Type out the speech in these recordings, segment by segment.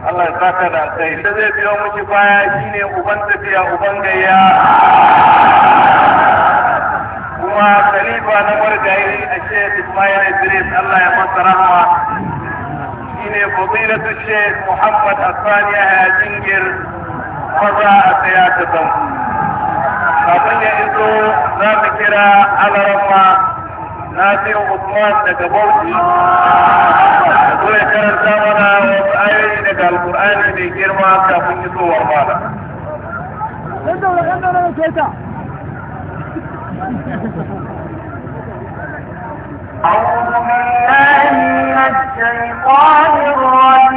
Allah ya saka da kai da zai biyo miki baya shine uban tafiya uban gayya kuma khalifa na margayi a Sheikh Ismail Idris Allah ya masa rahma shine fadilatu Sheikh Muhammad Asani ya jingir maza a tsaya ta kafin ya iso za mu kira alarama Nasir Usman daga Bauchi da zo ya karanta mana wasu ayoyi daga Alkur'ani mai girma kafin isowar mala. أعوذ بالله من الشيطان الرجيم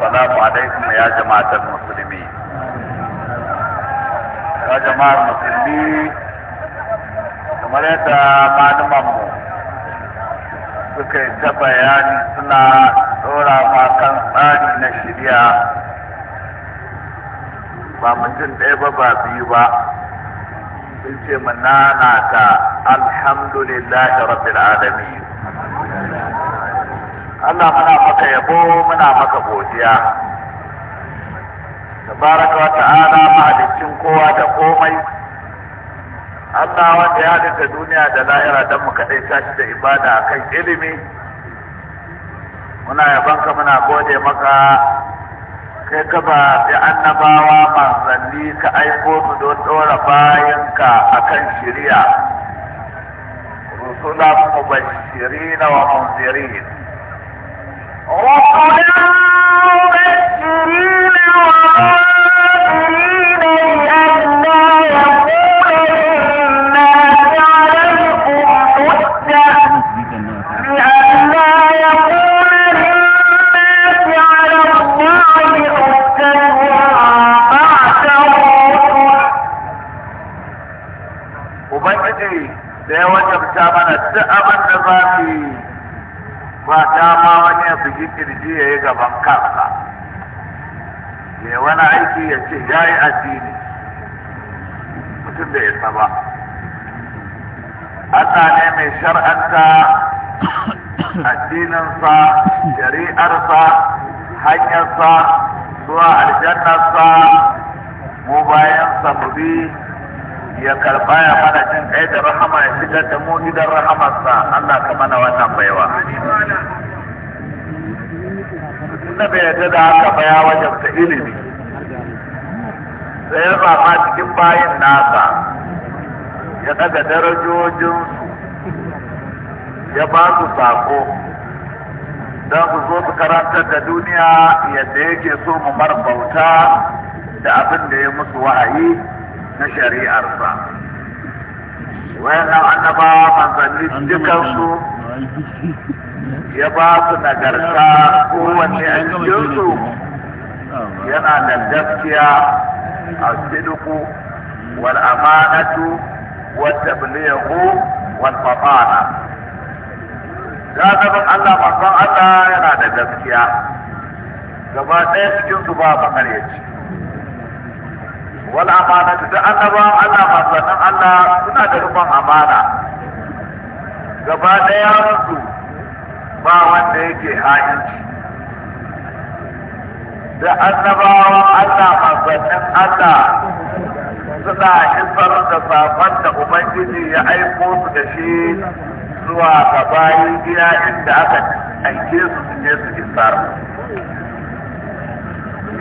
assalamu alaikum ya jama'atar musulmi ya jama'ar musulmi kamar yadda malumanmu suka yi ta bayani suna dora kan tsari na shirya ba mutum ɗaya ba ba biyu ba sun ce mu nanata alhamdulillahi rabbil alamin Allah muna maka yabo muna maka godiya tabaraka wa ta'ala mahalicin kowa da komai Allah wanda ya halitta duniya da la'ira don mu kaɗai tashi da ibada a kan ilimi muna yabanka muna gode maka kai ka ba da annabawa manzanni ka aiko su don ɗora bayanka a kan shirya rusula mubashirina wa munzirin da ya wajabta mana duk abin da za su yi ba dama bugi kirji ya yi gaban kansa ya wani aiki ya ce ya yi addini mutum da ya saba Allah ne mai shar'anta addininsa shari'arsa hanyarsa zuwa aljannarsa mu bayansa mu bi ya karba ya mana jin da rahama ya fitar da mu gidan rahamarsa Allah ka mana wannan baiwa tunda bai yarda da haka ba ya wajabta ilimi sai ya zaba cikin bayin nasa ya daga darajojinsu ya ba su sako don su zo su karantar da duniya yadda yake so mu bauta da abin da ya musu wa'ayi na shari'arsa nan annaba manzanni dukansu ya ba su nagarta kowanne a cikinsu yana da gaskiya a siduku wal amanatu wal tablihu wal fatana gazabin Allah manzon Allah yana da gaskiya gaba ɗaya cikin su ba ci. wal amanatu da annaba Allah manzannin Allah suna da rufin amana gaba ɗaya su ba wanda yake ha'inci da annabawan Allah manzannin Allah suna isar da safon da Ubangiji ya aiko su da shi zuwa ga bayi gida inda aka aike su su je su isar.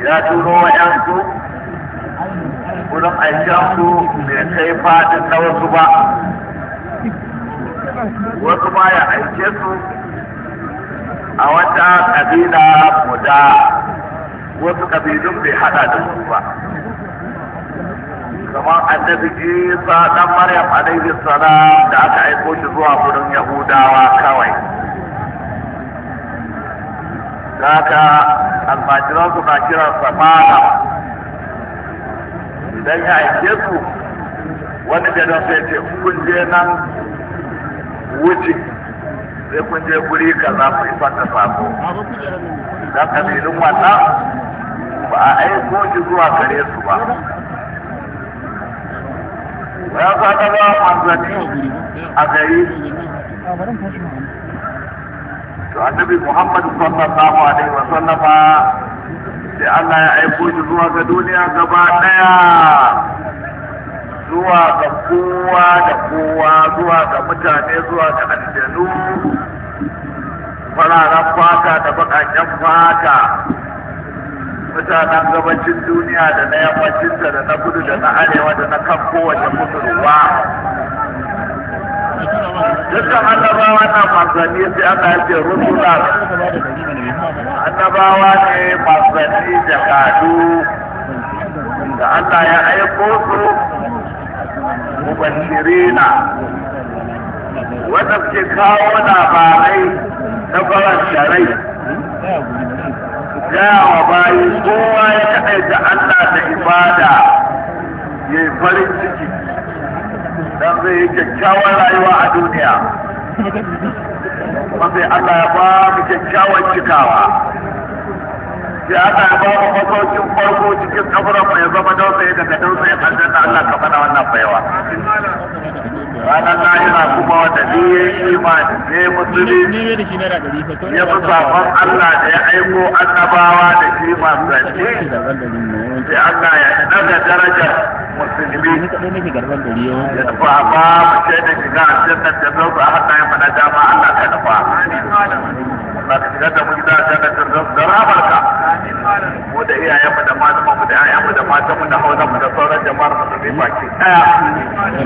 Ya turo wa ‘yansu, wurin aikensu bai kai fadin na wasu ba, wasu ba ya aike su a wata kabila guda wasu kabilun bai hada da wasu ba kamar annabi isa ɗan maryam alaihi salam da aka aiko shi zuwa wurin yahudawa kawai Daga almajiran su na kira samana idan ya aike su wani gadon sai ce kun je nan wuce sai kun je guri za ku isar da sako da kabilun wannan ba a aiko shi zuwa gare su ba ya sa ka ga manzanni a gari to annabi muhammad sallallahu alaihi wa sallama sai Allah ya aiko shi zuwa ga duniya gaba daya zuwa ga kowa da kowa zuwa ga mutane zuwa ga aljanu fararen fata da bakakken fata mutanen gabacin duniya da na yammacinta da na kudu da na arewa da na kan kowace kusurwa dukkan annabawa na manzanni sai aka yake rusula annabawa ne manzanni jakadu da Allah ya aiko su mubashirina wanda suke kawo labarai na faranta rai gaya wa bayi kowa ya da Allah da ibada ya yi farin ciki don zai yi kyakkyawar rayuwa a duniya. Wanda Allah ya ba mu kyakkyawar cikawa. sai aka yi ba mu fasocin farko cikin kaburin mai zama don sai daga don sai aljanna Allah ka bana wannan baiwa ranar lahira kuma wanda ni ya yi imani ne musulmi ya fi sabon Allah da ya aiko annabawa da shi masu sai Allah ya daga darajar musulmi ya nufa ba mu ce da shiga aljanna da zo ba haka ya fada dama Allah ka nufa Allah ka shigar da mu gida a jannar firdaus da rahamarka mu da iyayen mu da malaman mu da iyayen mu da matan mu da haunan mu da sauran jama'ar mu da bai baki daya ya jama'a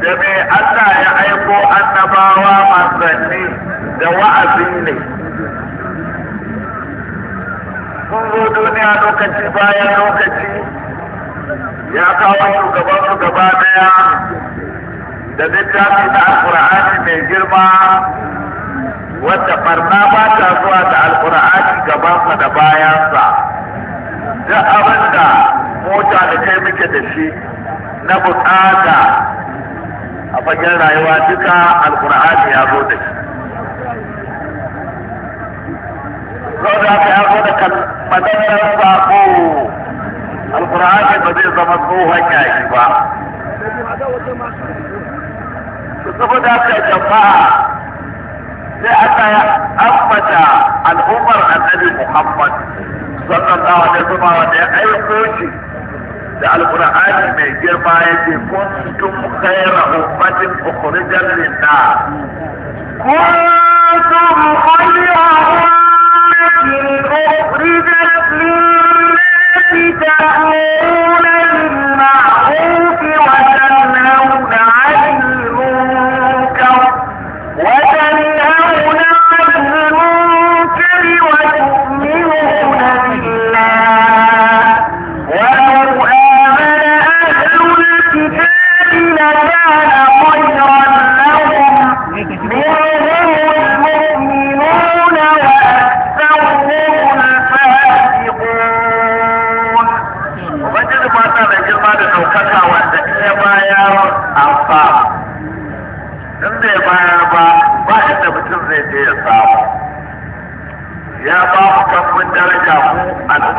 da me Allah ya aiko annabawa manzanni da wa'azin ne sun zo duniya lokaci bayan lokaci ya kawo shugaban shugaba gaba daya da littafin da alkur'ani mai girma wadda barna ba ta zuwa da alkur'ani gabansa da bayansa duk abin da mota da kai muke da shi na bukata a fagen rayuwa duka alkur'ani ya zo da shi saboda haka ya zo da kalmadar sako alkur'ani ba zai zama tsohon yayi ba saboda haka jama'a sai aka ambata al'ummar annabi Muhammad sallallahu alaihi wasallam wanda ya aiko shi da alqur'ani mai girma yake kuntum khayra ummatin ukhrijat lin-nas kuntum khayra ummatin ukhrijat lin-nas ta'muruna bil-ma'ruf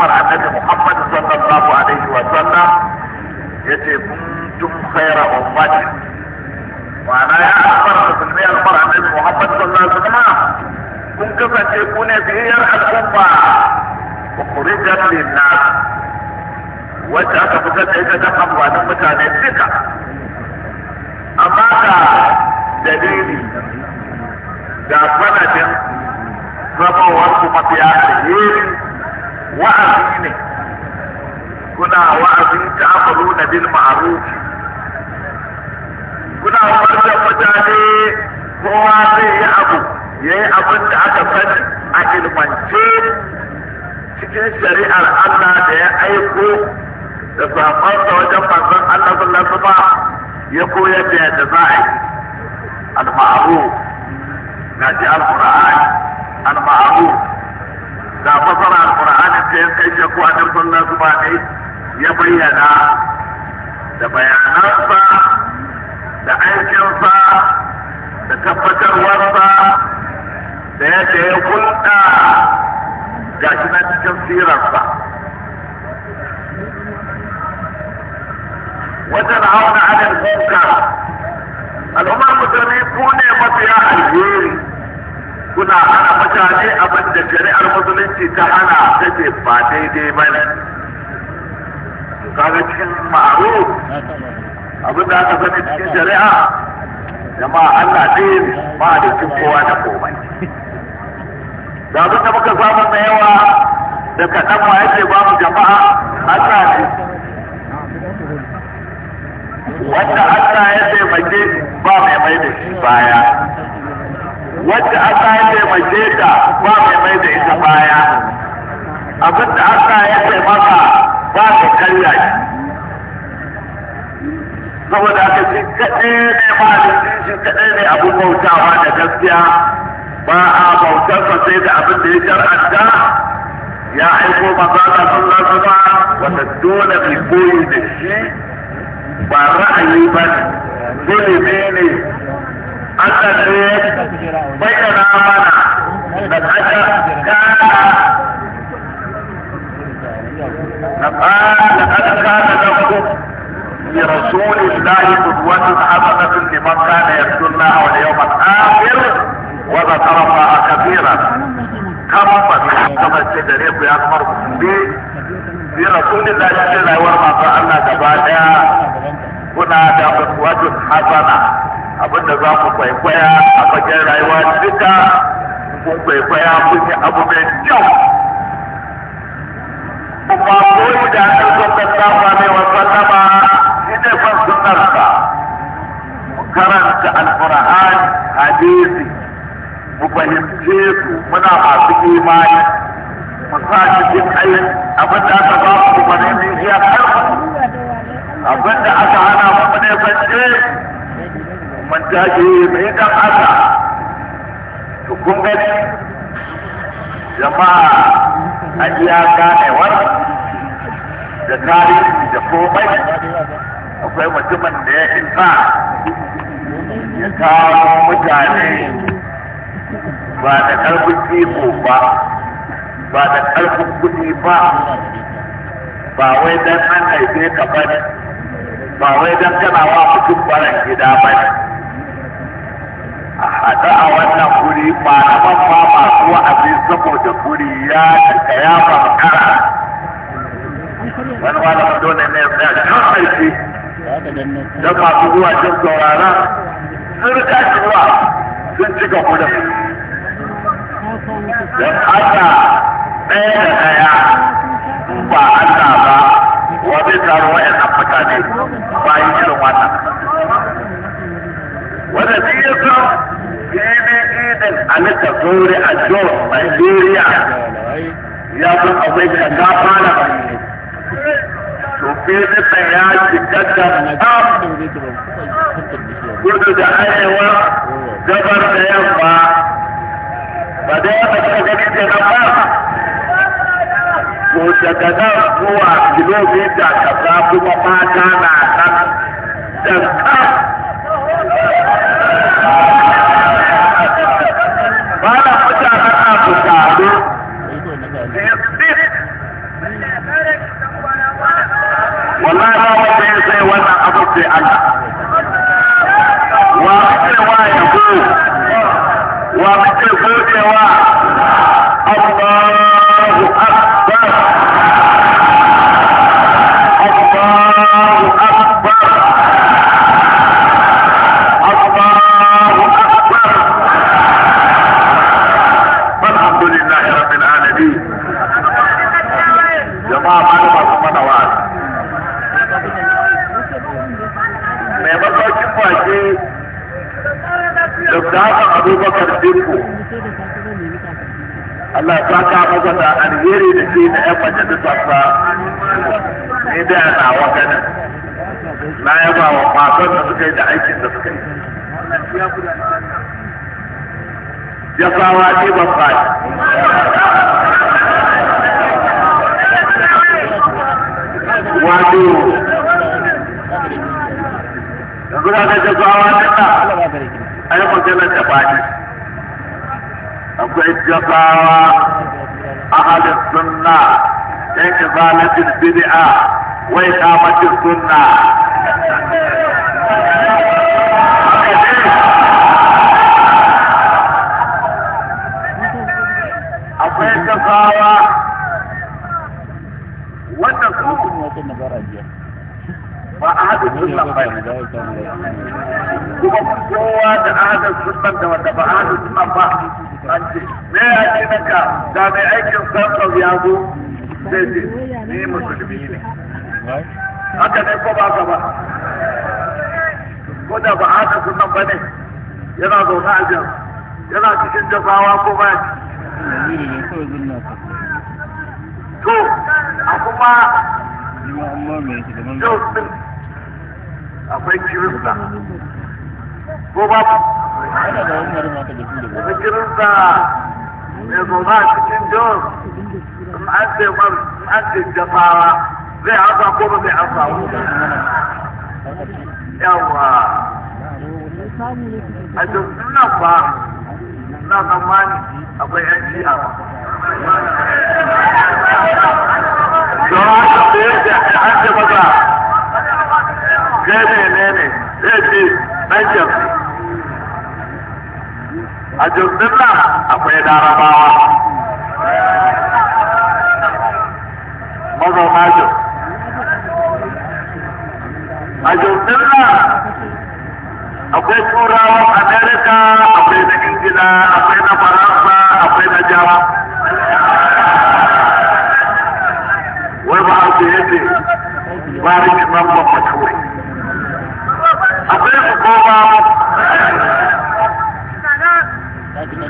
al'ummar annabi Muhammad sallallahu alaihi wa sallam yace kuntum khayra ummati ma'ana ya al'ummar musulmi al'ummar annabi Muhammad sallallahu alaihi wa sallam kun kasance ku ne biyar al'umma ukhrijat lin-nas wacce aka fitar da ita don amfanin mutane duka amma ga dalili da sanadin zamawar kuma fiye alheri wa'azi ne kuna wa'azin ta'amalu na bil ma'ruf kuna wannan mutane kowa zai yi abu ya yi abin da aka sani a ilmance cikin shari'ar Allah da ya aiko da saƙonsa wajen manzon Allah sallallahu ba ya koyar da yadda za a yi al-ma'ruf na ji al-Qur'ani al-ma'ruf da fasara alqur'anin ta ya kai shi ko annabi sallallahu alaihi wasallam ya bayyana da bayanansa da aikinsa da tabbatarwarsa da yadda ya hulɗa ga shi na cikin sirarsa wajen auna adal munkar al'ummar musulmi su ne mafiya alheri kuna hana mutane abin da jari'ar musulunci ta hana ta ce ba daidai ba ne kaga cikin ma'aru abin da aka sani cikin jari'a? jama'a Allah ɗaya ba da cikin kowa da komai da abin da muka samu na yawa da kaɗan ma yake ba mu jama'a Allah ne wanda Allah ya taimake ba mai mai da shi baya wacce Allah ya taimake ta ba mai mai da ita baya abin da Allah ya taimaka ba mai karya shi saboda haka shi kaɗai ne malin shi kaɗai ne abin bautawa da gaskiya ba a bautarsa sai da abin da ya shar'anta ya aiko mazaɗa sun lasu ba wanda dole mai koyi da shi ba ra'ayi ba ne dole ne Allah ne bayyana mana da haka لقد كان لكم لرسول الله قدوة حسنة لمن كان يرجو الله واليوم الآخر وذكر الله كثيرا كم كما تدريب يا أكبر برسول الله جل وعلا الله تبارك كنا da uswatun hasana abin da za ku kwaikwaya a fagen rayuwa duka kun kwaikwaya kun yi abu mai kyau kuma yi da an zaka safa mai wasan nama shi ne son sunarsa mu karanta alfura'an hadisi mu fahimce su muna masu imani mu sa cikin ayin abin da aka ba ku mu fahimci iyakar abin da aka hana mu ne fance mun tashi mai dan haka to kun gani jama'a a iya ganewar da tarihi da komai akwai mutumin da ya isa ya kawo mutane ba da karfin iko ba ba da karfin kuɗi ba ba wai dan an haife ka ba ne ba wai dan kana wa mutum baran gida ba ne haɗu a wannan guri malaman ma masu wa'azi saboda guri ya cika ya kara wani malamin dole ne ya kan aiki don masu zuwa jin saurara sun rika zuwa sun cika gudun don haka ɗaya da ɗaya ba Allah ba wani taron wa'yan mutane bayan irin wannan ونتيجة في إيدن أن تدور الدور ميزوريا يا من أبيك أدافانا تفيد التياج جدا كل ده أيوة جبر يما بدأ بتجديد الأمام to daga nan zuwa kilomita kaza kuma mata na nan da ba da na su taru wallahi ba wanda ya sai abu Allah wa wa abubakar dinku Allah ya saka masa da alheri da ke da ƴan sa ne da na wa ganin na yaba wa matan da suka yi da aikin da suka yi jasawa ne ban bayi wato yanzu ga jasawa ne ta ai magana ta ne akwai gabawa ahalin sunna yan izalatin bid'a wai kamatin sunna ya zo zai ce ni musulmi ne haka ne ko ba ka ba ko da ba haka sunan ba ne yana zaune a jan yana cikin jafawa ko ba to a kuma yau sun akwai kirista ko ba da kirista mai zaune a cikin jos an mar man an jafawa zai amsa ko ba zai amsa ba yawa a duk nan ba na zamani akwai yan shi'a ba a jirgin nan akwai larabawa mazauna jin a jirgin nan akwai turawan amerika akwai na ingila akwai na faransa akwai na jama wai ba yadda ya ce barikin nan ban maturai akwai su ko ba mu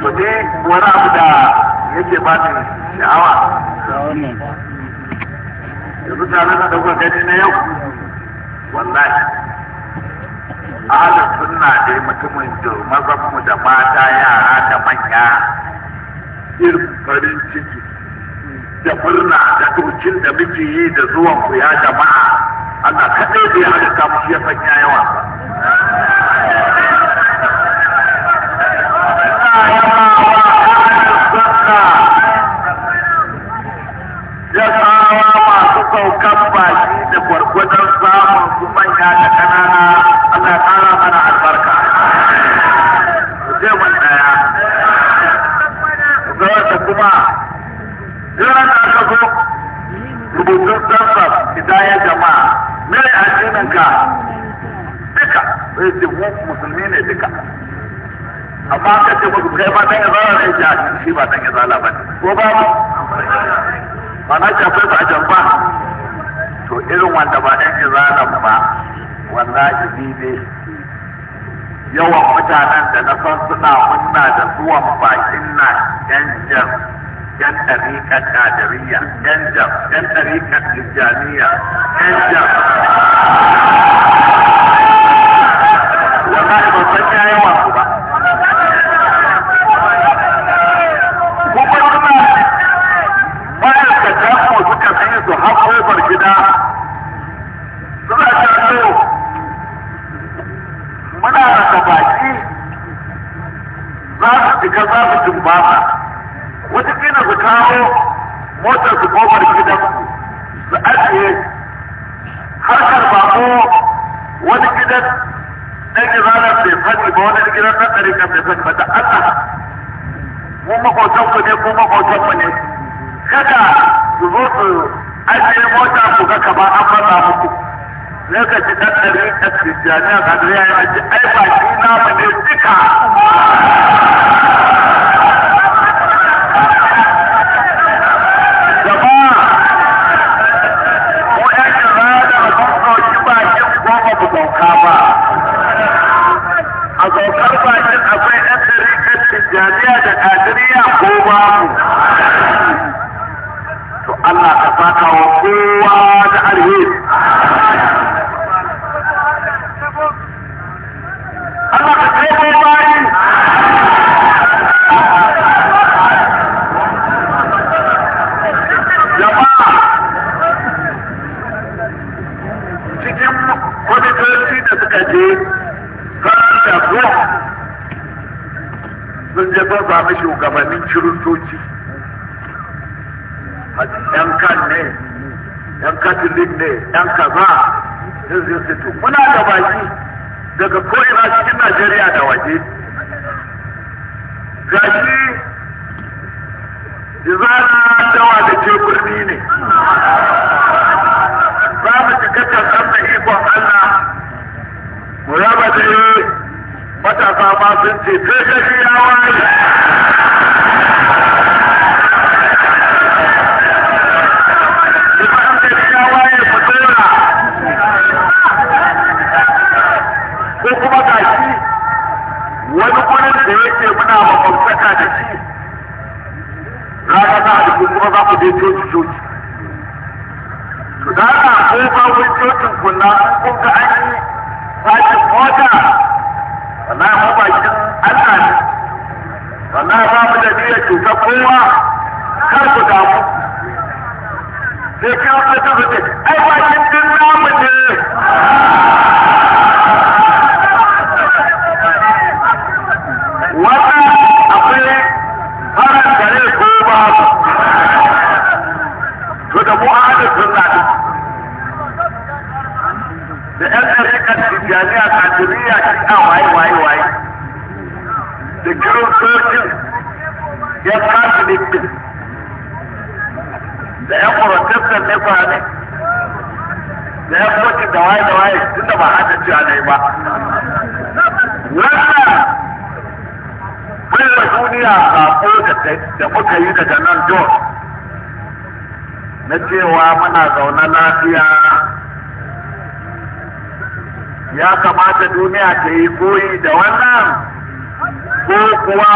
to dai wani abu da yake ba ni sha'awa taron da kuka gani na yau wallahi ahalin sunna dai mutumin da mazanmu da mata yara da manya irin farin ciki da murna da dokin da muke yi da zuwan ku ya jama'a Allah kaɗai bai halitta mu shi ya sanya yawa. saukan baki da gwargwadon samun su manya da kanana Allah ƙara mana albarka. Zai wani ɗaya. Ga kuma, jiran da aka zo rubutun samsam hidayar jama'a, mere addininka duka, zai ce musulmi ne duka. Amma ka ce musu kai ba ya izala ne shi ba ɗan izala ba ne. Ko babu? Ba na shafe ba a jamba. irin wanda ba ɗan izalan ba wallahi ni ne yawan mutanen da na san suna munna da zuwan bakin na yan jan yan ɗariƙar ƙadiriya yan jan yan ɗariƙar tijjaniya yan jan wallahi ban san ya yawan su ba kuma suna ma'aikatan mu suka fi su har gida ka za su ba wata kina su kawo motar su kofar gidan su ajiye harkar bako wani gidan ɗan gizana bai sani ba wani gidan ɗan ɗari kan bai sani ba da Allah mu makwautan ku ne ko makwautan ku ne kada su zo su ajiye mota ku ga kaba an fara muku lokaci ɗan ɗari ɗan tijjaniya kadiriya ya ce ai ba shi na ba ne duka tijjaniya kadiriya shi'a waye waye waye da kiristocin ya kasu nufin, da ya protestant ne kwane da ya koci da waye da waye tun da ba hada ci ne ba wannan bai duniya ko da muka yi daga nan jos na cewa muna zaune lafiya ya kamata duniya ta yi koyi da wannan ko kuwa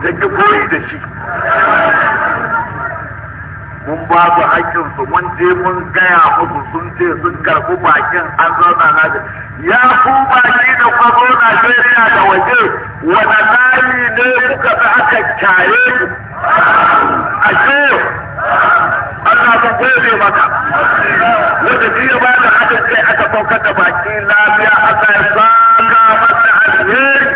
ta ki koyi da shi mun ba su haƙƙinsu mun je mun gaya musu sun ce sun karɓi bakin an zauna na da ya ku baki da kwazo Najeriya da waje wani layi ne kuka fi aka kyaye ku a Allah ka gode maka wanda ya ba da haɗin kai aka saukar da baki lafiya aka saka masa alheri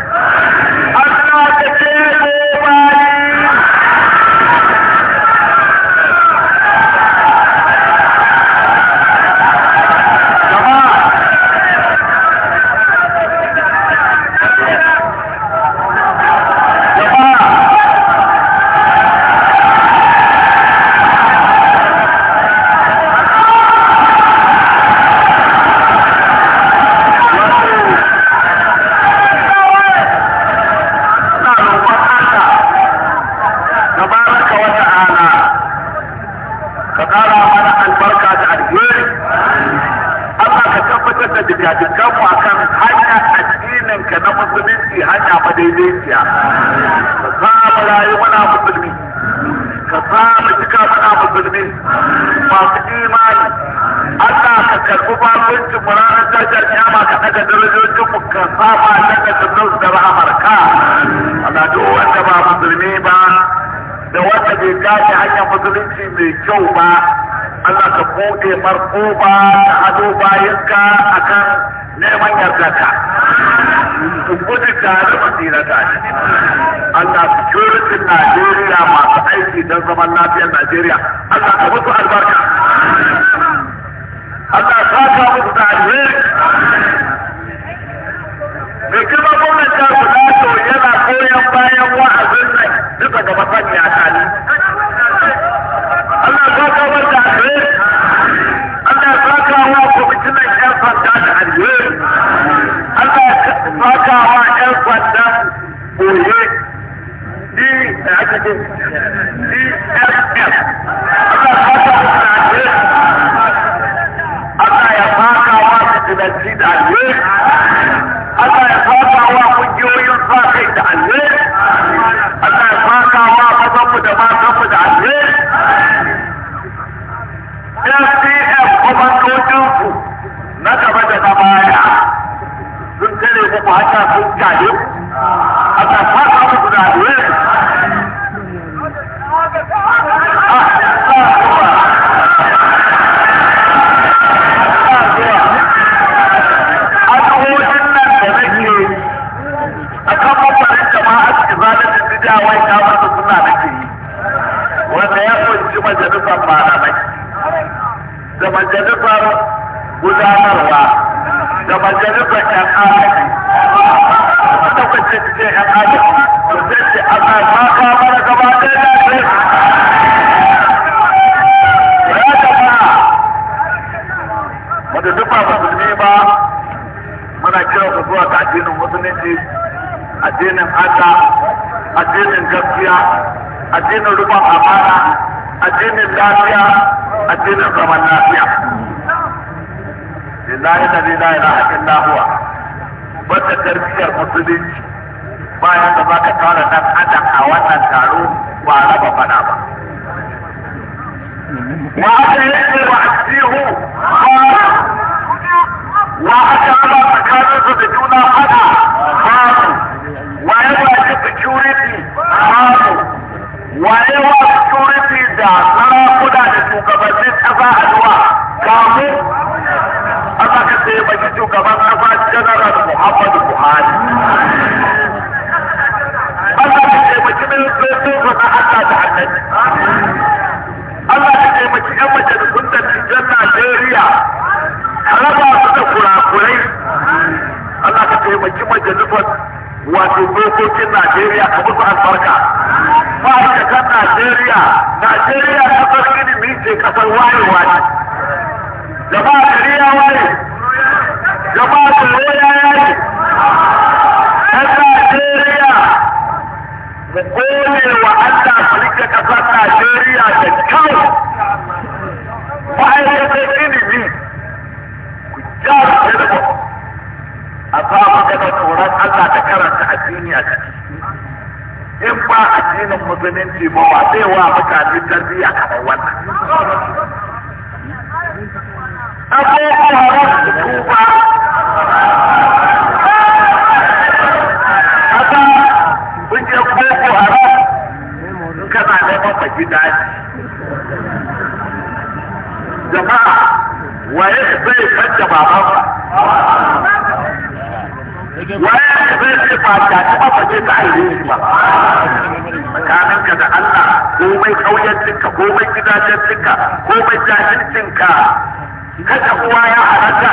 musulmi masu imani Allah ka karɓi babanci mu ranar tashar kiyama ka daga darajojin mu ka saba daga sunnus da rahamarka Allah duk wanda ba musulmi ba da wanda bai gane hanyar musulunci mai kyau ba Allah ka buɗe marko ba da hado bayanka akan neman yardarka su gudu tare Allah Najeriya masu aiki don zaman lafiyar Najeriya Allah ka musu albarka Allah ya ka musu da alheri mai girma gwamnan guda to yana koyon bayan wa'azin nan duka ga masaniya tani Allah ya saka ma ‘yan sanda koye DSS, DSS, Allah ya fata wa fitinanci da alheri, Allah ya fata wa kungiyoyin sa kai da alheri, Allah ya fata wa mazanmu da matanmu da alheri. SPF kwamandojinsu da ku haka sun gade a ta fara muku da addu'a majalisar malamai da majalisar gudanarwa da majalisar ‘yan agaji. Wata kwace su ce ‘yan agaji, to zai ce a kan maka mana gaba ɗaya na ce. Ya jama'a, wanda duk ba ne ba, muna kira ku zuwa ga addinin musulunci, addinin Allah, addinin gaskiya, addinin rufan amana, addinin lafiya, addinin zaman lafiya. billahi alladhi la ilaha illa huwa wata tarbiyyar musulunci bayan da zaka tara dan adam a wannan taro ba raba fada ba wa ashiru wa ashiru wa ashiru tsakanin su da juna fada babu wa yawa da security babu wa yawa security da sarakuna da shugabannin kasa a zuwa kamu taimaki shugaban kasa general muhammadu buhari Allah ka taimaki ministocin su na Allah da annabi Allah ka taimaki 'yan majalisun da cikin Najeriya ka raba su da kurakurai Allah ka taimaki majalisar wato dokokin Najeriya ka musu albarka ma'aikatan Najeriya Najeriya kasar ilimi ce kasar wayewa ne jama'a gari ya waye musulunci ba ba zai wa mutane tarbiyya kamar wannan. Abubuwan su tuba haka kungiyar boko haram kana neman ka ji daji jama'a waye zai kanta babansa waye zai ce ba ta ci ba ba ce ta aure shi ba tsakaninka da Allah komai kauyancinka komai gidajencinka komai jahilcinka kada uwa ya halatta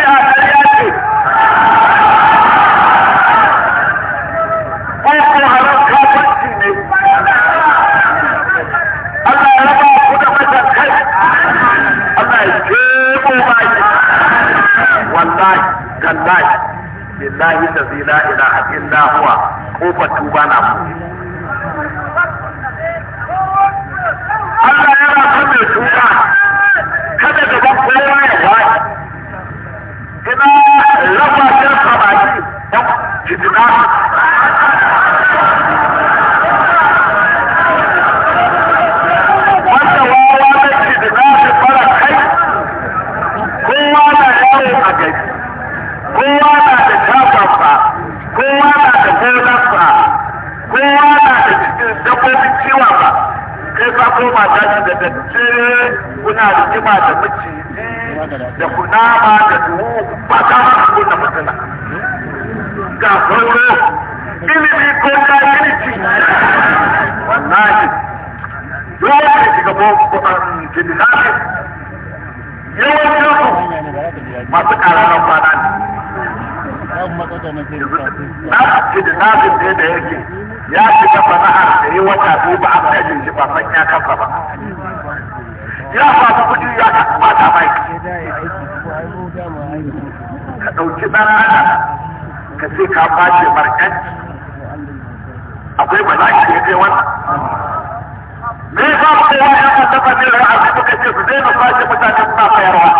wallahi billahi allazi la ilaha illa huwa kofar tuba na mu suna jima da maciji da kunama da duhu ba ta ma ko da matsala ga kwallo, ilimi ko ta kirki wallahi dole ne shiga boko an kidnabi yawancin su masu ƙaranan kwana ne na kidnabin ne da yake ya shiga sana'ar da yi wata biyu ba a mai shi ba san ya kafa ba ya fata kuɗi ya ta bata mai ka ɗauki ɗan adam ka ce ka bace mar'an akwai bala'i da ya kai wannan me ya samu kowa ya ka taɓa ne ra'a su suka ce su daina sace mutane suna sayarwa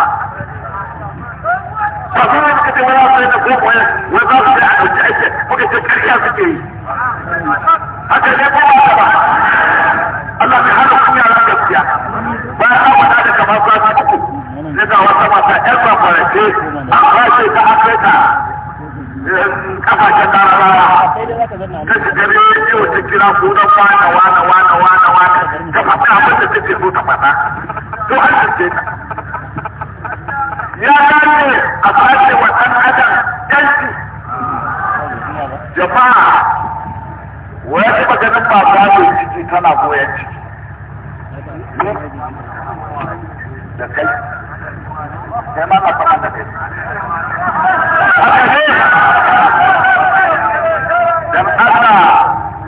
ba su ne suka ce wani sai da ko wani wani za su je a ɗauki aiki muka ce ƙarya suke yi haka ne kuma ba ta ba Allah ne hana kunya ran gaskiya an da kamar kwasa take sai ga wata mata ƴar kwakwarance kwashe ta afirka kafashen larabawa ta shiga rediyo ta kira sunan wana wana wana wana wana ta faɗa abin da take so ta faɗa to an ta ya dace a kwashe wa ɗan adam ƴanci jama'a wani maganin ba ciki tana goyon ciki da dan Allah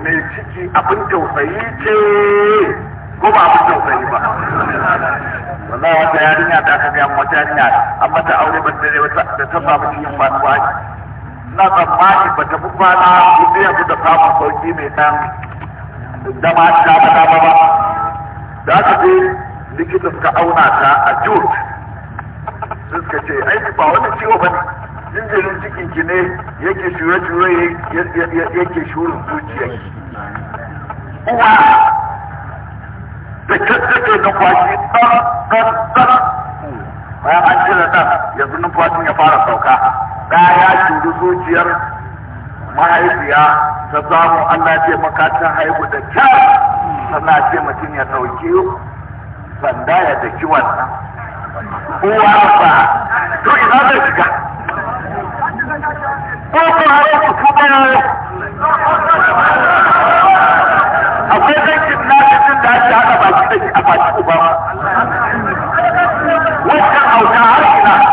mai ciki abin tausayi ce ko ba abin tausayi ba wallahi wata yarinya da aka gaya wata yarinya an mata aure ba da ta samu cikin faɗuwa na tsammani ba ta fi kwana duniya da samun sauki mai ɗan dama ta ba da aka je likita suka auna ta a sun suka ce aiki ba wani ciwo ne jinjirin cikin ki ne yake shure shure yake shurin zuciya uwa da kyakkyake na kwashi tsar tsar tsar bayan an cire ɗan yanzu numfashin ya fara sauka da ya shuru zuciyar mahaifiya ta samu Allah lafiya maka ta haihu da kyar sannan ce mutum ya ɗauki sanda ya daki wannan uwa ba to ina zai shiga ko ko har ku tuba akwai zankin na cikin da ake haɗa baki da a baki uba wancan auta har ina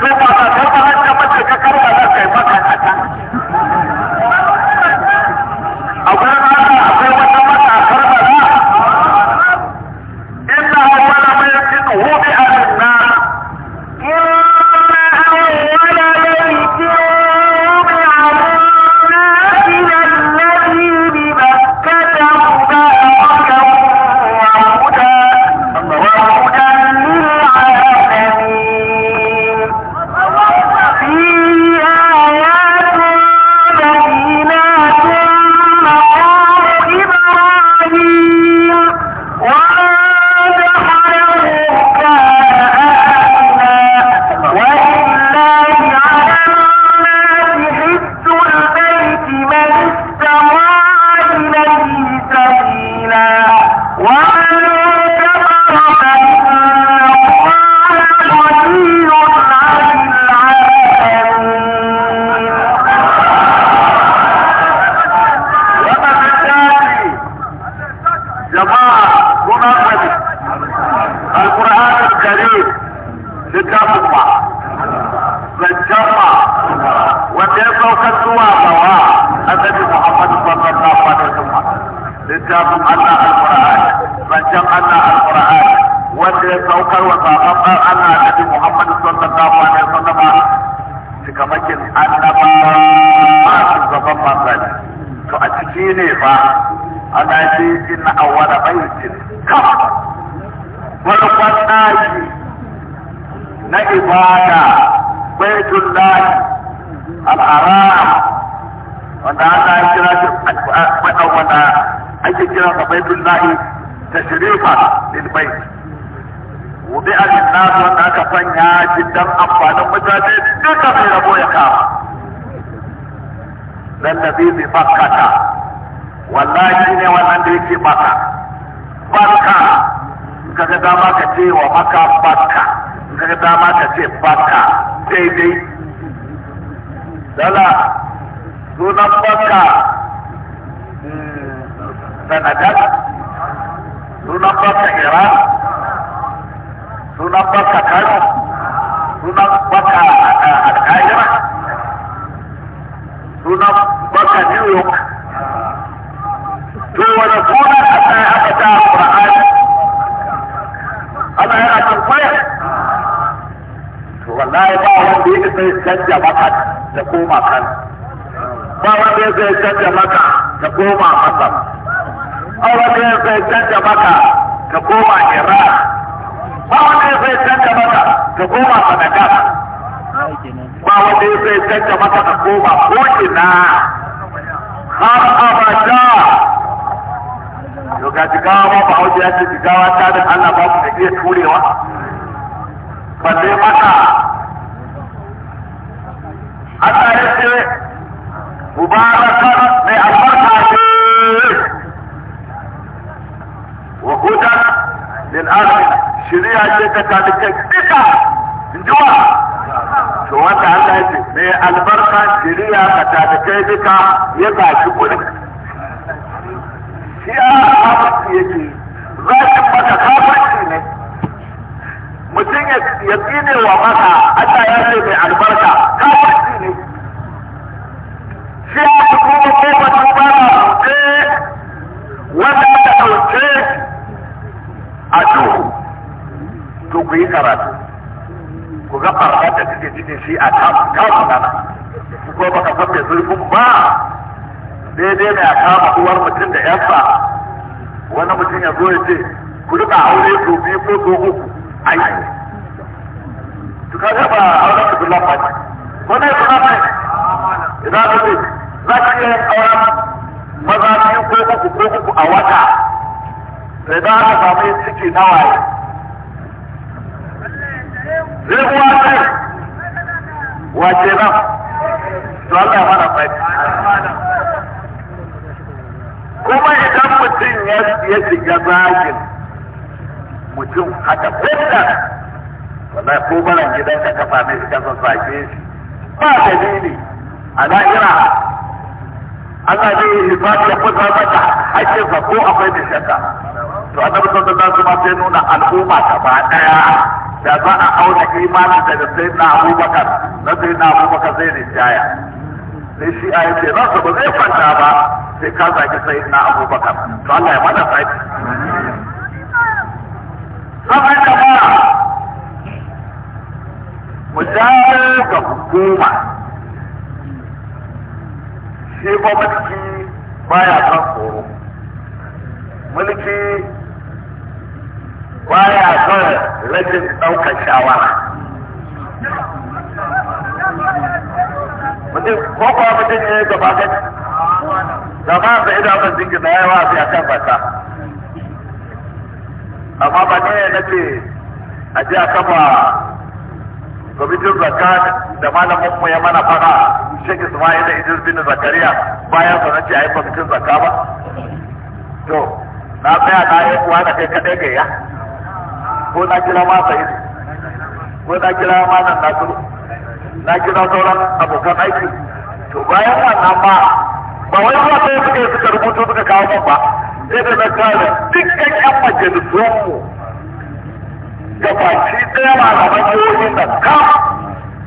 to ba ka ta nan ka mace kai maka a daji dan amfanin mutane duka mai rabo ya kama dan da bibi bakata wallahi ne wannan da yake baka baka kaga dama ka ce wa maka baka kaga dama ka ce baka daidai dala sunan baka sanadar hmm, sunan baka iran sunan baka kano sunanbaka al'aira sunanbaka new york to wani sunan a sai aka ta ƙura'ani Allah yana tambaya to wallahi ba wanda ya sai canja maka da koma kan ba wanda ya sai canja maka da koma masar ba wanda ya sai canja maka da koma iran ba wanda ya sai canja maka ka koma sadakan ba wanda ya sai canza maka ka koma ko ina har abada to ga jigawa ba hausa ya ce jigawa ta da Allah ba ku da iya turewa ba sai maka Allah ya ce mubarakan mai albarka ce wa hudan lil alamin shirya ce ta talikai duka in ji wa to wanda Allah ya ce mai albarka shirya ka kai duka ya shi kuɗi shi a kafirci yake zai maka kafirci ne mutum ya tsine wa maka Allah ya ce mai albarka kafirci ne shi a kuma kuma tuba na wanda aka ɗauke a duhu zo ku yi karatu ku ga fara da cikin cikin shi a kama kama nana ku ko baka san zurfin ba daidai ne a kama uwar mutum da yansa wani mutum ya zo ya ce ku rika aure su biyu ko so uku ai to kaga ba aure su billah ba ne wani ya na ne idan ka ce za ka iya auren maza biyu ko uku ko uku a wata sai da aka samu ciki waye Zai kai wace ba to Allah mana fadi kuma idan mutum ya shiga zagin mutum haka kuka wanda ko baran gidan ka kafa mai shi kasan sake shi ba dalili a da'ira Allah zai yi hisabi ya fita maka hakkinsa ko akwai da shakka to annabi sallallahu alaihi wasallam nuna al'umma gaba daya da za a auna imanin da da sai na abubakar na sai na abubakar zai rinjaya sai shi a yake za su ba zai kwanta ba sai ka zaki sai na abubakar to Allah ya mana sai sabai da ba mu jawo ga hukuma shi ba mulki baya kan tsoro mulki baya son rajin daukar shawara mutum ko kuwa mutum ne gaba gani gaba da ina ban jinki da yawa sai a kan bata amma ba ne na ce a ji a kafa kwamitin zakka da malamin mu ya mana fara Sheikh Ismail da Idris bin Zakariya bayan sa nace ai kwamitin zakka ba to na tsaya na yi kuwa da kai kadai gaya. ko na kira ma sa'id ko na kira ma nan nasiru na kira sauran abokan aiki to bayan wannan ma ba wai ba sai suka yi suka rubuto suka kawo min ba sai da na kare dukkan yan majalisunmu da baki ɗaya malaman jihohin da ka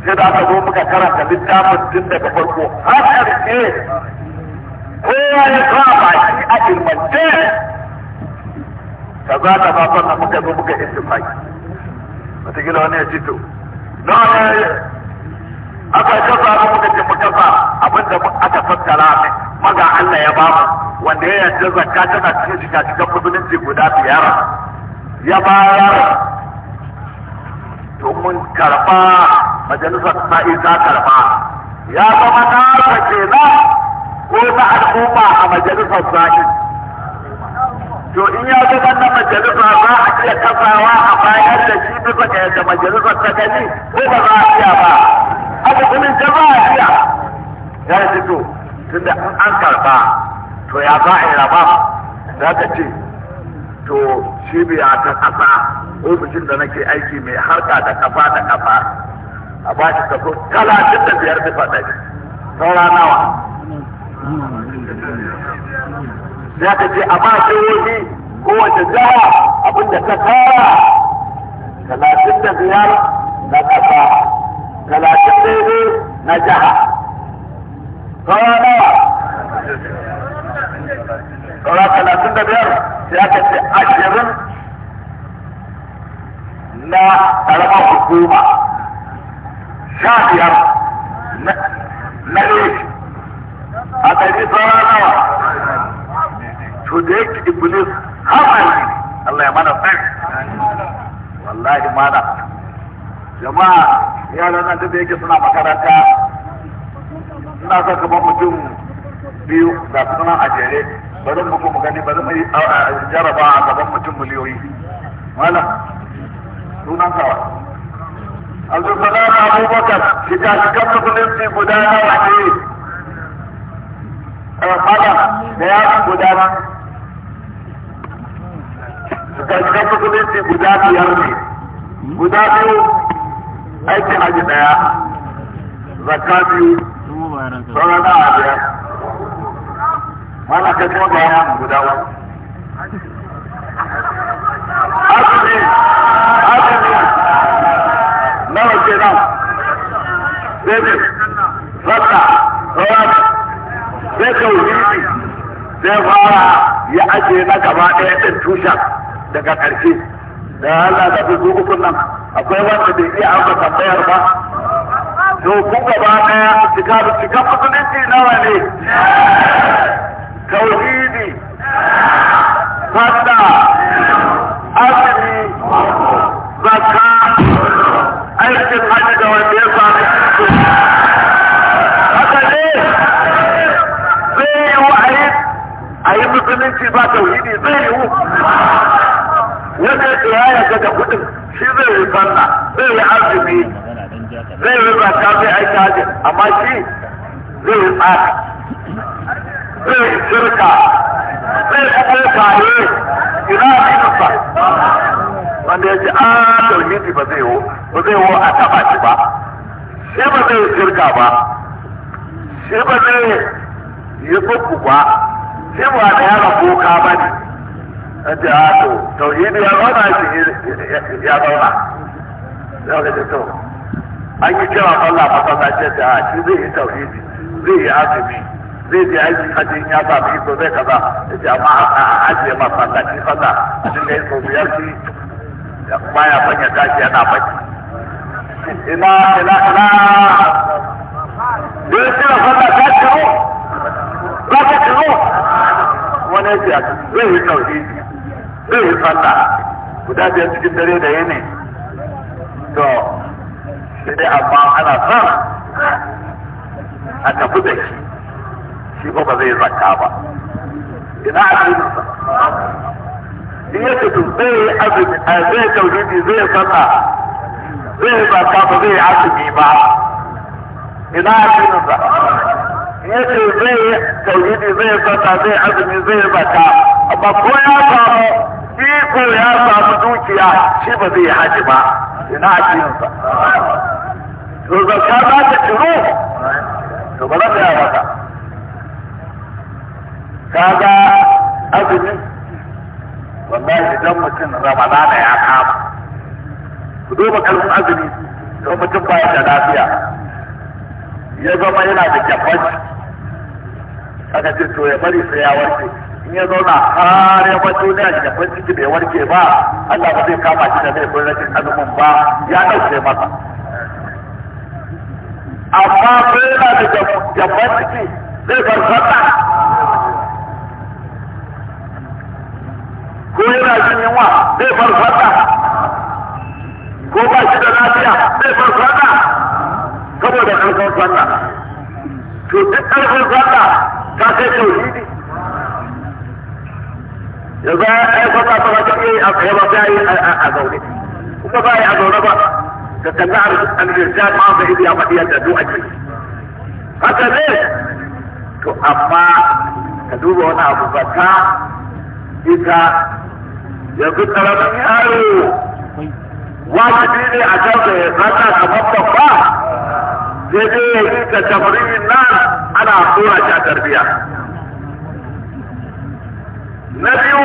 sai da aka zo muka karanta littafin tun daga farko har ƙarshe kowa ya ba baki a ilmantar za kaza kaza sannan muka zo muka istifai wataƙila wani ya ci to na wani aka kasa da muka ce muka sa abinda aka fassara ne maga Allah ya ba mu. wanda ya yarda zakka tana cikin shiga cikin musulunci guda biyar ya bayar to mun karba majalisar sa'i ta karba ya zama nasa kenan ko na al'umma a majalisar sa'i to in ya ga wannan majalisa za a iya kasawa a bayar da shi bisa ga yadda majalisar ta gani ko ba za a iya ba haka kuma jama'a iya ya to, tunda in an karba to ya za a yi raba za ka ce to cibiya ta kasa ofishin da nake aiki mai harka da kafa da kafa a ba shi kaso talatin da biyar bisa ɗari saura nawa za ka ce a ba wani kowace jiha abin da ta kara talatin da biyar na kasa talatin da biyu na jaha kawo nawa kawo talatin da biyar sai aka ce ashirin na ƙaramar hukuma sha biyar na ne a ɗari tsawon nawa to da yake iblis hamari Allah ya mana tsari wallahi mana jama'a yaran nan da yake suna makaranta suna son kamar mutum biyu da suna a jere bari mu kuma gani bari mu jaraba a gaban mutum miliyoyi Wala. sunan kawa Salam Abubakar shiga shigar musulunci guda nawa ne? Eh, malam da ya guda gaskan musulunci guda biyar ne guda biyu aikin haji daya zakka biyu sauran da biyar mana kai kuma ga yawan guda uku azumi azumi nawa ke nan bebe zakka sauran sai tauhidi sai fara ya ajiye na gaba ɗaya ɗin tushen daga ƙarshe da Allah da su su ukun nan akwai wanda bai iya amsa tambayar ba to ku gaba daya cika cika musulunci nawa ne tauhidi fadda azumi zakka aikin hajji da wanda ya sami haka ne zai yi wa a yi musulunci ba tauhidi zai yi wannan tsiraya da kudin shi zai yi sanna zai yi azumi zai yi zakka zai aika hajji amma shi zai yi tsaka zai yi shirka zai kuma tare ina abinsa wanda ya ce a ah, tauhidi ba zai wo ba zai wo a taba shi ba shi ba zai yi shirka ba shi ba zai yi buku ba shi ba da yaran boka ba ne a ce a ah, to tauhidi ya zauna shi ya zauna ya ga to an yi kira Allah masallaci ce a ah, shi yi tauhidi zai yi azumi zai je aiki hajji ya sami iko zai kaza ya ce amma a ajiye masallaci sallah a dinga yin sau biyar shi ba ya fanya tashi yana baki ina ina ina duk ta yi zai yi sallah guda biyar cikin dare da yini to shi dai amma ana son a tafi da shi shi ba ba zai zaka ba ina addininsa in ya fito zai azumi zai tauhidi zai sallah zai zaka ba zai azumi ba ina addininsa in ya ce zai tauhidi zai sallah zai azumi zai zaka amma ko ya samu ko ya samu dukiya shi ba zai haji ba ina ajiyarsa to zakka za ta ciro to ba za ta yi mata kaga azumi wallahi idan mutum ramadana ya kama ku duba kalmin azumi don mutum baya da lafiya ya zama yana da kyabbaci aka ce to ya bari sai ya warke in ya zauna har ya kwanci duniya a da farin ciki bai warke ba Allah ba zai kama shi da laifin rashin azumin ba ya ɗauke masa amma bai yana da jabban ciki zai bar sallah ko yana jin yunwa zai bar ko ba shi da lafiya zai bar sallah saboda ƙarfin sallah to duk ƙarfin sallah ta kai tauhidi yanzu ai kwata ta ba ta iya a tsaye ba ta yi a zaune kuma ba ya a zaune ba ka kalli al-irshad ma ga ibiya faɗi yadda du'a ke haka ne to amma ka duba wani abu zakka ita yanzu karamin yaro wajibi ne a kan da ya zaka kamar babba sai dai ya yi ka tafriyin nan ana tura shi a tarbiyya na biyu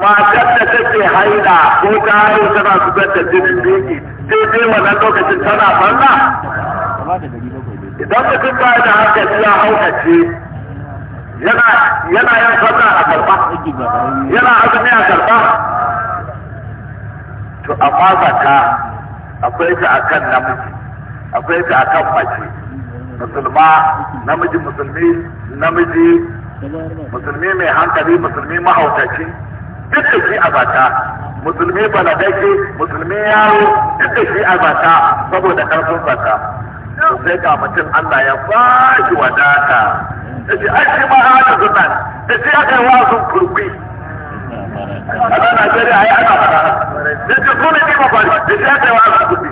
matar da take haida ko ta haihu tana zubar da jinin sai daidai wannan lokacin tana banna idan mutum ba da haka ya haukace yana yana yin sallah a karba yana azumi a karba to amma zakka akwai ta akan namiji akwai ta akan mace musulma namiji musulmi namiji musulmi mai hankali musulmi mahaukaci duk da shi a bata musulmi baladaki musulmi yaro duk da shi a bata saboda karfin bata sai ga mutum Allah ya ba shi wadata da shi an shi ma hada zunan da shi aka yi wasun kurbi a nan Najeriya ai ana fara da shi kuma ne ba da shi aka yi wasun kurbi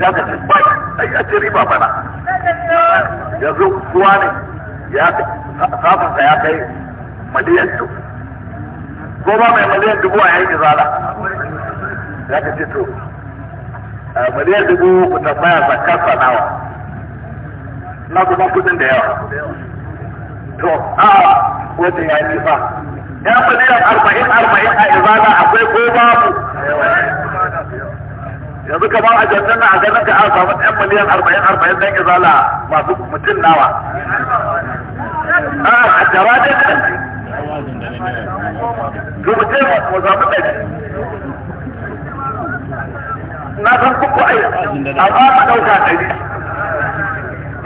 ya ka ci a yi a ci riba bana yanzu kuwa ne ya kafinsa ya kai miliyan dubu ko ba mai miliyan dubu a yanki izala ya ka ce to miliyan dubu ku tambaya zakarsa nawa na kuma kudin da yawa to a wajen ya yi ba ya miliyan arba'in arba'in a izala akwai ko babu yanzu kamar a jannan a ganin ka an samu ɗan miliyan arba'in arba'in dan izala masu mutum nawa ah, a hajjara ne kan to mu ce mu zamu ɗari na san kuku ai amma ka ɗauka ɗari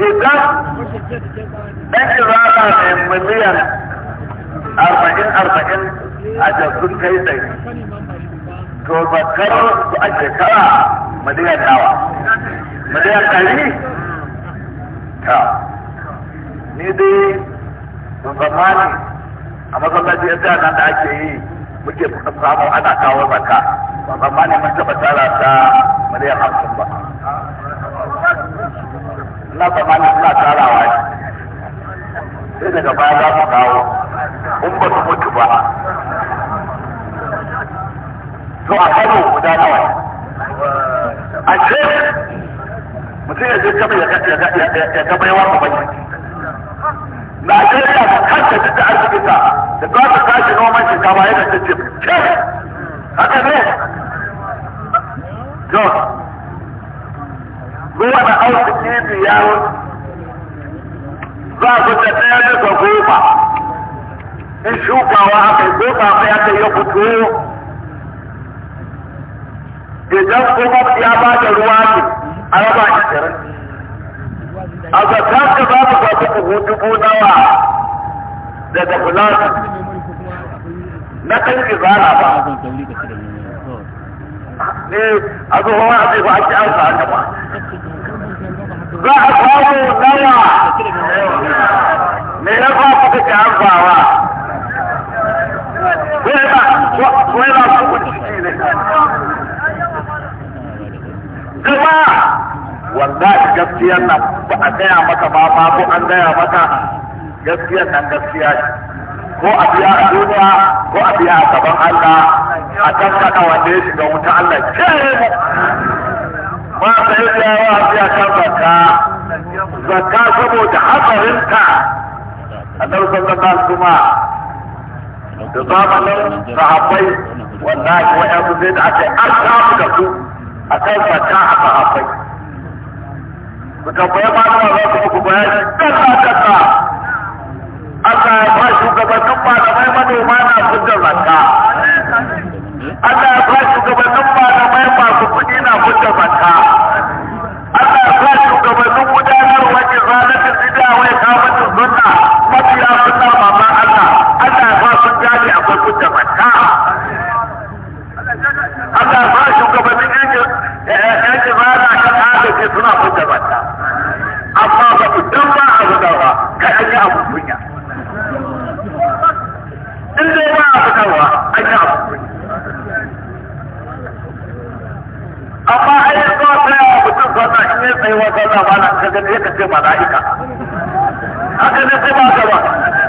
idan ɗan izala mai miliyan arba'in arba'in a jansun kai ɗari to bakar da ake tara madiyar nawa madiyar ɗari ta ni dai ban zamani a masallaci yadda nan da ake yi muke samu ana kawo zaka ban zamani mun taɓa tara ta madiyar hamsin ba na zamani suna tarawa ne sai daga baya za su kawo in ba su mutu ba to a kano guda nawa a ce mutum ya je kama ya gaba yawa ba bai na shirya da kanta duk da arzikita da za su kashi noman shinkafa yana ta ce ce haka ne to zuwa na arziki biyar za su ta ɗaya bisa goma in shukawa aka yi goma ya kai ya fito idan kuma ya ba da ruwa ne a raba ishirin a zakar ka za mu zaɓi buhu dubu nawa daga fulani na kan izala ba ne eh, a zuwa wani abin ba ake an haka ba za a samu nawa me ya ba kuka ke amfawa ko ya ba su kuɗi ne gaba wallahi gaskiyar nan ba a gaya maka ba ba ko an gaya maka gaskiyar nan gaskiya ne ko a biya a duniya ko a biya a gaban Allah a tankata wanda ya shiga wuta Allah ke ma ta yi biyawa a biya kan zakka zakka saboda hatsarinta a sallallahu zaka kuma da zamanin sahabbai wallahi wa'yansu sai da ake an an da su a kan fata a sahabbai ku tambaya ba da za ku muku bayani kasa kasa Allah ya ba shugabannin malamai manoma na fitar zakka Allah ya ba shugabannin malamai masu kuɗi na fitar zakka Allah ya ba shugabannin gudanarwa ke zalatin bid'a wai kamatin sunna mafiya sunna mamman Allah Allah ya ba sun jari akwai fitar zakka ne suna hujja bata amma ba ku dan ba a gudawa kai an yi abu kunya in dai ba a ba an yi abu kunya amma ai zo tsaya wa mutum zana in ya tsaye wa zana ba na kaga ne ka ce mala'ika haka ne kuma ba ba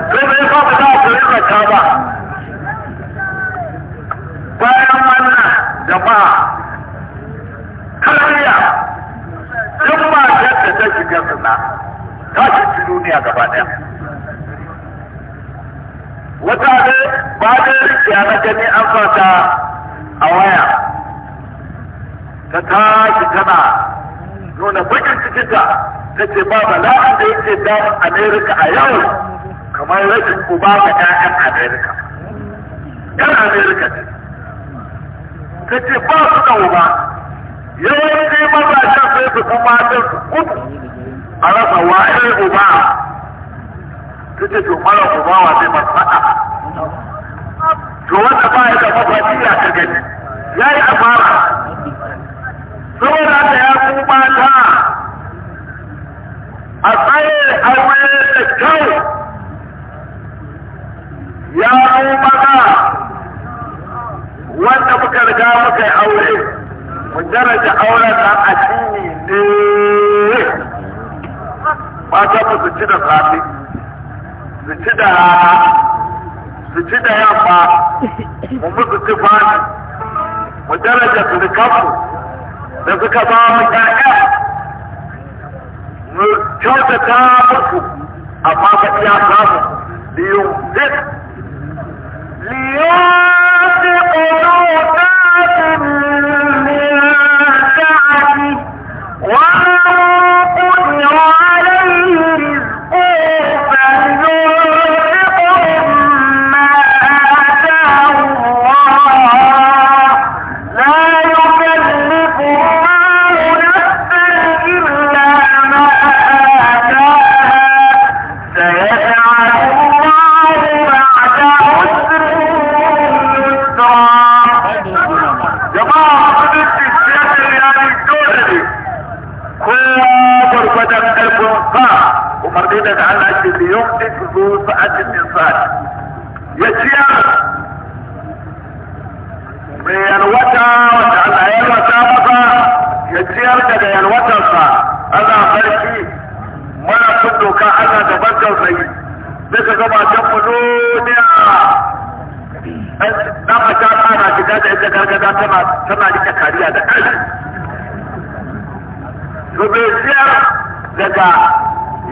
sai bai ba ka za ku rika ka ba bayan wannan jama'a duniya gaba ɗaya. wata ne ba da rikiya na gani an fata a waya ta tashi tana nuna bakin cikinta ta ce ba la'an da yake damun amerika a yau kamar rashin uba ga 'ya'yan amerika 'yan amerika ne ta ce ba su da uba yawanci mazajen sai su kuma matan su kudu a rasa wa'il uba ta ce to mara uba wa zai faɗa? to wanda ba ya da mafatiya ta gani ya yi asara saboda da ya kuma ta. a tsaye a da kyau ya ku mata wanda muka riga muka yi aure mu daraja auren a cikin mata mu su ci da safe su ci da su ci da yamma mu musu ci fani mu daraja su da da suka ba mu ƴaƴa mu kyautata musu amma ba iya samu liyun zai liyun zai tausayi sai ka zama can mu duniya dan mace ta na shiga da ita gargada tana tana rike kariya da kai to bai siyar daga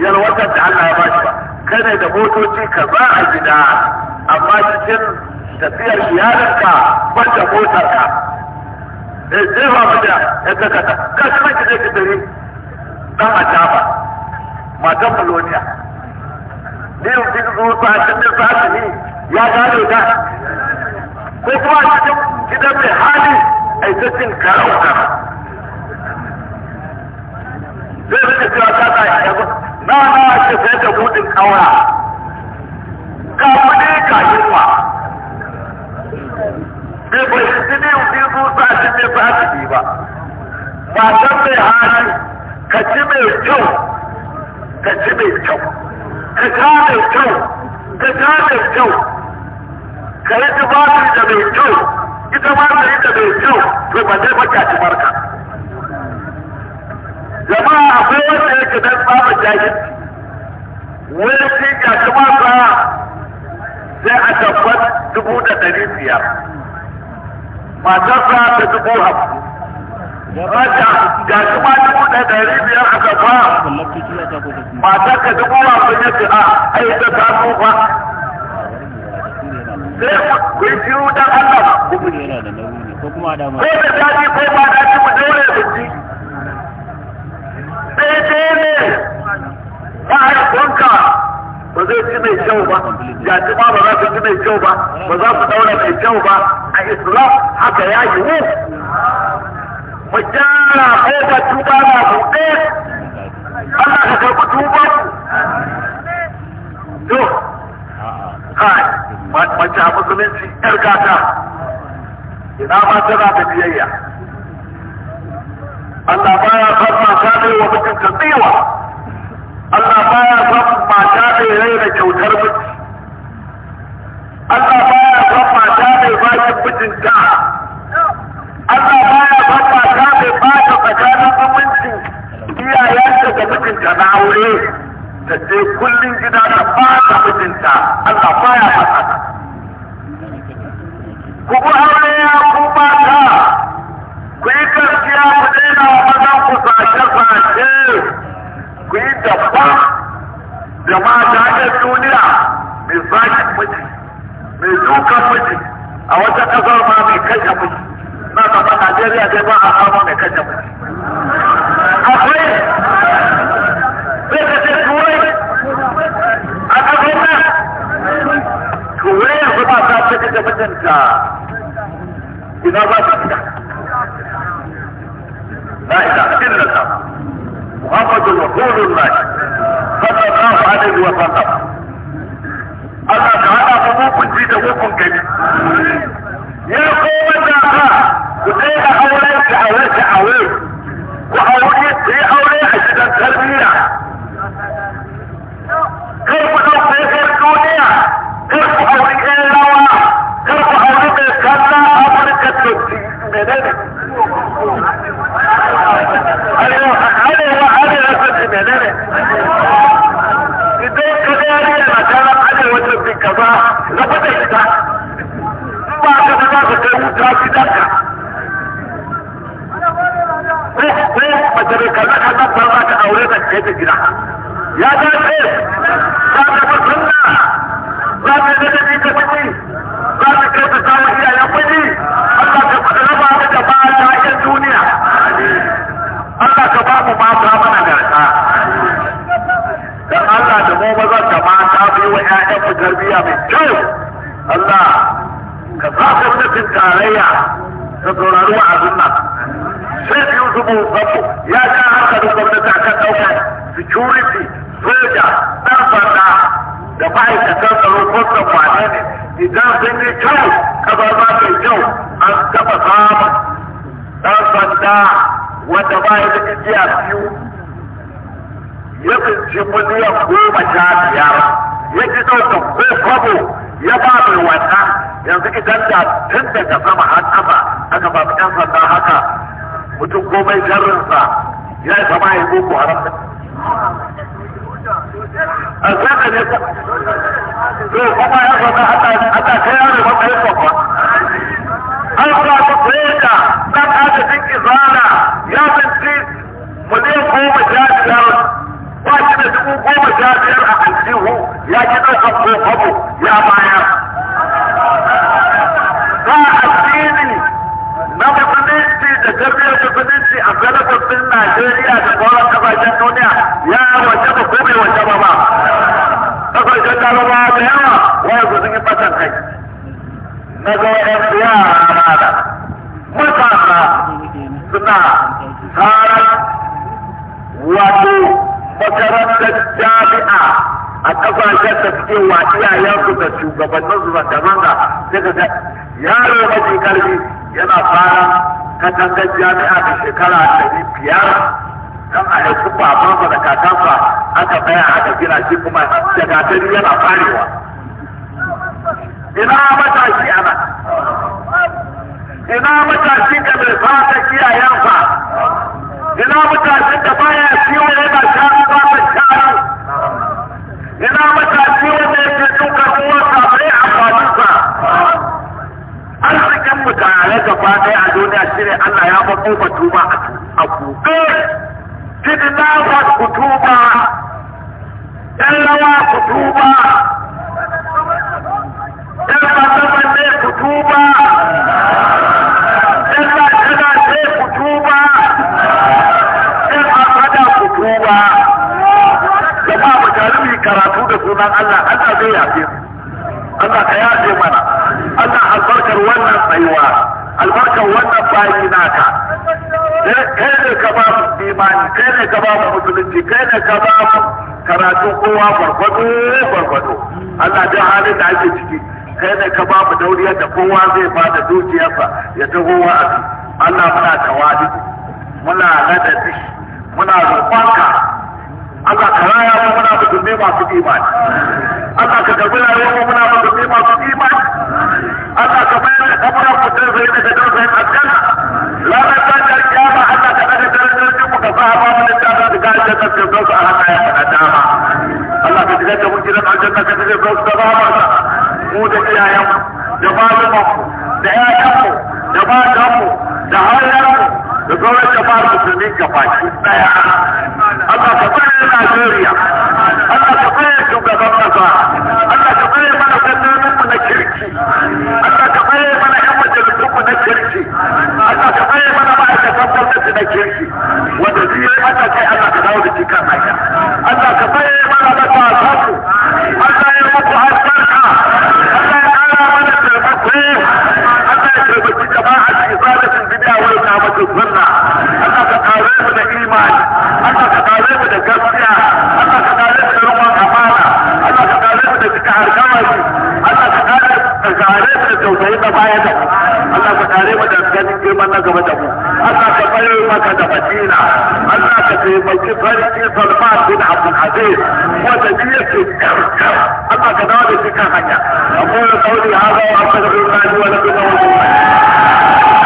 yalwatar da Allah ya bashi ba kai ne da motoci ka za a gida amma cikin tafiyar iyalinka ban da motarka eh zai ba mu da ya kaka ka shi mai gida ki dare dan a ta ba matan maloniya biyu bizu sashen da sashen ya gane ta ko kuma a gidan mai hali a yi karauta zai rike cewa ta ta yi na na ce sai da ka kuɗi ka bai bai shi ba matan mai hali ka mai kyau ka mai kyau ka kare kyau ka kare kyau ka yi da mai kyau ita ma ta yi mai kyau to ba zai baka ci barka jama'a akwai wanda yake dan tsamin jahilci wani shi ga shi ba sai a tabbat dubu da ɗari biyar matarsa ta dubu hamsin Raja ga shi ma dubu ɗaya ɗari biyar aka ba. Mata ka dubu ba sun yi ce a ai ta samu ba. Sai ku yi shiru dan Allah. Ko da daji ko ba daji mu daure mu ci. Daidai ne mahaifinka ba zai ci mai kyau ba, ga ci ma ba za su ci mai kyau ba, ba za su daura mai kyau ba, a Islam haka ya yi mu. mu gyara kofar tuba na buɗe Allah ka karɓi tuba to kai mace a musulunci yar gata ina ma tana da biyayya Allah ba ya san mata ne wa mutunta tsiwa Allah ba ya san mata ne rai da kyautar miji Allah ba ya san mata ne bakin mijinta Allah ba hukuncin iyayenta da mijinta na aure ta je kullum gida ta fata mijinta Allah ya mata ku ku aure ya ku ta, ku yi gaskiya ku daina wa mazan ku sace sace ku yi dabba da mata da duniya mai zakin miji mai dukan miji a wata kasar ma mai kashe miji na gaba Najeriya dai ba a samu mai kashe miji za ka ga mijinta ina za ka fita la ilaha illallah muhammadur rasulullah sallallahu alaihi wa sallam Allah ka hada mu mukun ji da mukun gani ya kowa da ka ku dai da aure ka aure ka aure ku aure ku aure a gidan tarbiyya اليمامة علي وعلي الأسد اليمامة إذن كذلك ما كانت على الوجه في الكفاء لقد إذا ما كان ما كان في ذلك Majalika na kan nan ba ka aure da ke da gida. Ya ga ce, za ka fi sunna, za ka yi da ka fi, za ka kai ta Allah da mu maza da mata bai wa ƴaƴan mu tarbiyya mai kyau Allah ka ba gwamnatin tarayya ta saurari wa'azin nan sai biyu zubu babu ya ja hankalin gwamnati akan ɗaukar security soja ɗan sanda da ma'aikatan tsaro ko tsammanin idan sun yi kyau kabar ba ta kyau an taɓa samun ɗan sanda wanda ba ya da biyu ya tsinci miliyan goma sha biyar ya ji ɗauka ko kwabo ya ba mai wannan yanzu idan da tun daga sama har ƙasa aka ba mu ƴan sanda haka mutum komai jarrinsa ya yi sama ya boko haram a zaka ne to kuma ya zama aka kai yaro matsayin sabon an ba mu koyar da ɗan adadin izana ya tsinci miliyan goma sha biyar ba shi da dubu goma sha biyar a aljihu ya ki ɗaukan kofamu ya bayar. Ba addini na musulunci da jami'ar musulunci a galibin din Najeriya da sauran kasashen duniya ya wace ba ko bai wace ba ba. Kasashen jarabawa da yawa wanda sun yi fatan kai. Na ga waɗansu yara da mutane suna tsarar wato makarantar jami'a a kasashen da suke wa iyayensu da shugabanninsu da damanga sai ka ga yaro mafi karfi yana fara katangar jami'a da shekara ɗari biyar don a yanzu babansa da kakansa aka tsaya aka gina shi kuma da gatari yana farewa ina matashi a nan ina matashi da bai fata kiyayensa ina matashin da baya ciwo yana sha yana matashi wanda yake duka uwarsa bai amfaninsa arzikin mu tare gaba ɗaya a duniya shine Allah ya ba ku tuba a buɗe jidna wa kutuba ɗan ku tuba, ɗan mazamanne kutuba ɗan mazamanne kutuba ɗan ku tuba. karatu da sunan Allah Allah zai yafe su Allah ka yafe mana Allah albarkar wannan tsayuwa albarkar wannan baki naka kai ne ka ba mu imani kai ne ka ba mu musulunci kai ne ka ba mu karatu kowa farfado-farfado? Allah duk halin da ake ciki kai ne ka ba mu dauriyar da kowa zai ba da dukiyarsa ya taho wa'azi Allah muna tawadi muna ladabi muna roƙonka Allah ka raya mu muna da dubbe masu imani Allah ka karbi rayuwar mu muna da dubbe masu imani Allah ka bayar da kabarin mu da zai da dubbe aljanna la ta ta kiyama Allah ka daga darajar mu ka sa ba mu da ta da gaje da ka zo a haka ya kana dama Allah ka diga da mu gidan aljanna ka diga zo da ba mu da iyayen da malaman da ƴaƴan mu da matan mu da halayen mu da sauran jama'ar musulmi gabaki daya Allah ka Najeriya Allah kasa Allah ka mana mu na kirki Allah ka mana ƴan majalisun mu na kirki Allah ka mana ma'aikatan gwamnati na kirki wanda zai yi Allah ka dawo da Allah ka bayansa Allah ka kare mu da ganin girman na gaba da mu Allah ka bayar maka da Madina Allah ka taimaki sarki Salman bin Abdul Aziz wanda shi yake karkar Allah ka dawo da shi kan hanya أقول قولي هذا وأستغفر الله ولكم ولكم